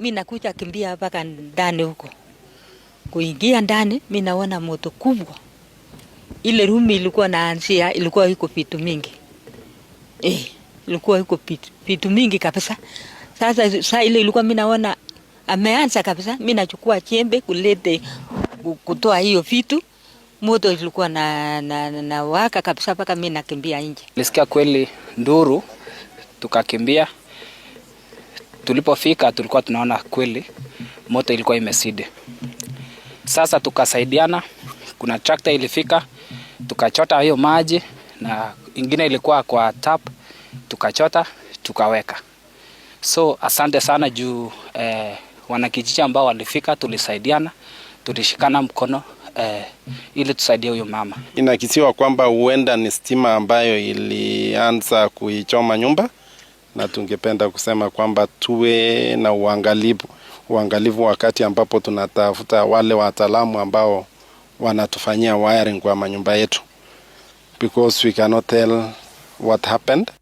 mi nakuja kimbia mpaka ndani huko. Kuingia ndani, mi naona moto kubwa. Ile rumi ilikuwa naanzia, ilikuwa iko vitu mingi eh, ilikuwa iko vitu mingi kabisa. Sasa saa ile ilikuwa mi naona ameanza kabisa, mi nachukua chembe kulete kutoa hiyo vitu moto ilikuwa na, na, na, na waka kabisa mpaka mi nakimbia nje. Nilisikia kweli nduru, tukakimbia Tulipofika tulikuwa tunaona kweli moto ilikuwa imesidi. Sasa tukasaidiana, kuna trakta ilifika, tukachota hiyo maji na ingine ilikuwa kwa tap, tukachota tukaweka. So asante sana juu eh, wanakijiji ambao walifika, tulisaidiana, tulishikana mkono eh, ili tusaidie huyo mama. Inakisiwa kwamba huenda ni stima ambayo ilianza kuichoma nyumba na tungependa kusema kwamba tuwe na uangalifu, uangalifu wakati ambapo tunatafuta wale wataalamu ambao wanatufanyia wiring kwa manyumba yetu because we cannot tell what happened